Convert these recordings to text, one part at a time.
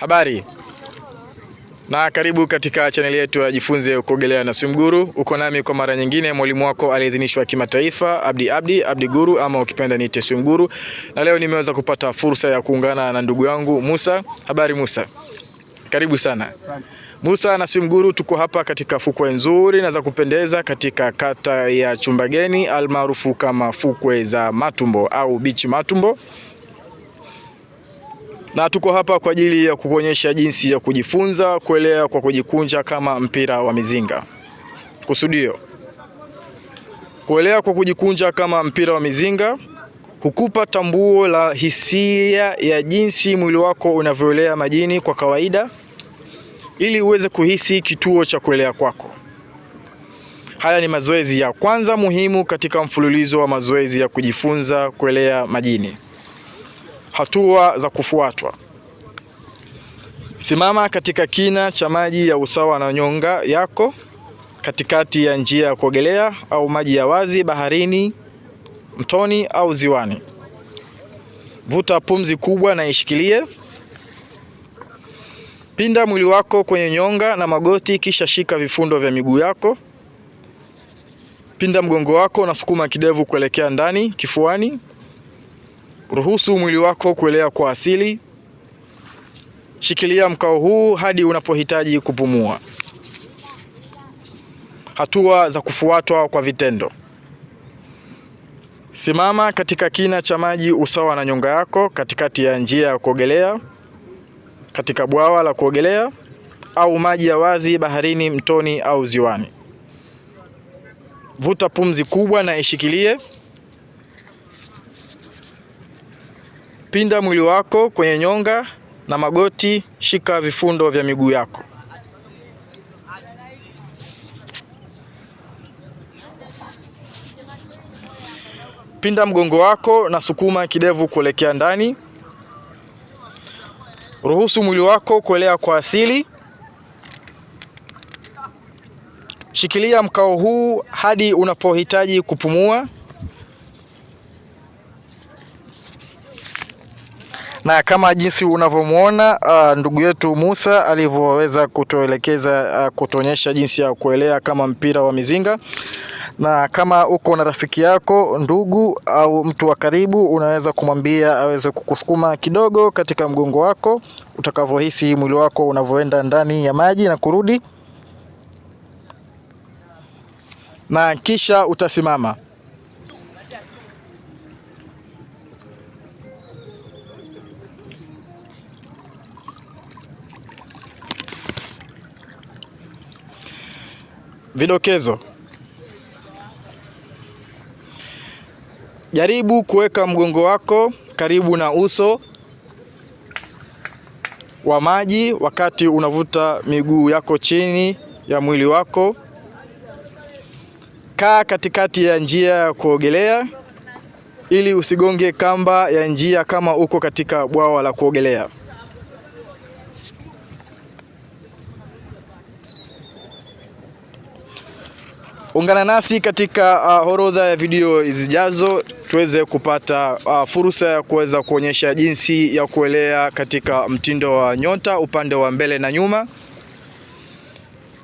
Habari na karibu katika chaneli yetu ya Jifunze Kuogelea na Swimguru. Uko nami kwa mara nyingine, mwalimu wako aliyeidhinishwa kimataifa Abdi Abdi Abdi Guru, ama ukipenda niite Swimguru. Na leo nimeweza kupata fursa ya kuungana na ndugu yangu Musa. Habari Musa, karibu sana Musa na Swimguru, tuko hapa katika fukwe nzuri na za kupendeza katika kata ya Chumbageni almaarufu kama fukwe za Matumbo au bichi Matumbo na tuko hapa kwa ajili ya kukuonyesha jinsi ya kujifunza kuelea kwa kujikunja kama mpira wa mizinga. Kusudio: kuelea kwa kujikunja kama mpira wa mizinga hukupa tambuo la hisia ya jinsi mwili wako unavyoelea majini kwa kawaida, ili uweze kuhisi kituo cha kuelea kwako. Haya ni mazoezi ya kwanza muhimu katika mfululizo wa mazoezi ya kujifunza kuelea majini. Hatua za kufuatwa: simama katika kina cha maji ya usawa na nyonga yako, katikati ya njia ya kuogelea au maji ya wazi, baharini, mtoni au ziwani. Vuta pumzi kubwa na ishikilie. Pinda mwili wako kwenye nyonga na magoti, kisha shika vifundo vya miguu yako. Pinda mgongo wako na sukuma kidevu kuelekea ndani kifuani. Ruhusu mwili wako kuelea kwa asili. Shikilia mkao huu hadi unapohitaji kupumua. Hatua za kufuatwa kwa vitendo: simama katika kina cha maji usawa na nyonga yako, katikati ya njia ya kuogelea, katika bwawa la kuogelea au maji ya wazi, baharini, mtoni au ziwani. Vuta pumzi kubwa na ishikilie. Pinda mwili wako kwenye nyonga na magoti, shika vifundo vya miguu yako. Pinda mgongo wako na sukuma kidevu kuelekea ndani. Ruhusu mwili wako kuelea kwa asili. Shikilia mkao huu hadi unapohitaji kupumua. na kama jinsi unavyomwona uh, ndugu yetu Musa alivyoweza kutuelekeza uh, kutuonyesha jinsi ya kuelea kama mpira wa mizinga. Na kama uko na rafiki yako, ndugu au mtu wa karibu, unaweza kumwambia aweze kukusukuma kidogo katika mgongo wako utakavyohisi mwili wako unavyoenda ndani ya maji na kurudi, na kisha utasimama. Vidokezo: jaribu kuweka mgongo wako karibu na uso wa maji wakati unavuta miguu yako chini ya mwili wako. Kaa katikati ya njia ya kuogelea ili usigonge kamba ya njia kama uko katika bwawa la kuogelea. Ungana nasi katika uh, orodha ya video zijazo tuweze kupata uh, fursa ya kuweza kuonyesha jinsi ya kuelea katika mtindo wa nyota upande wa mbele na nyuma,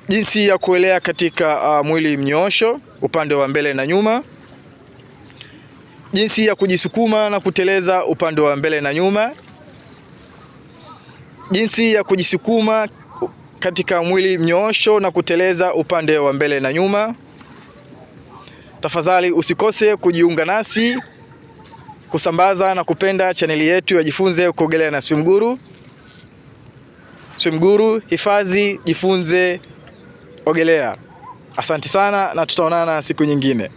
jinsi ya kuelea katika uh, mwili mnyoosho upande wa mbele na nyuma, jinsi ya kujisukuma na kuteleza upande wa mbele na nyuma, jinsi ya kujisukuma katika mwili mnyoosho na kuteleza upande wa mbele na nyuma Tafadhali usikose kujiunga nasi kusambaza na kupenda chaneli yetu Yajifunze Kuogelea na Swimguru. Swimguru, hifadhi, jifunze, ogelea. Asante sana na tutaonana siku nyingine.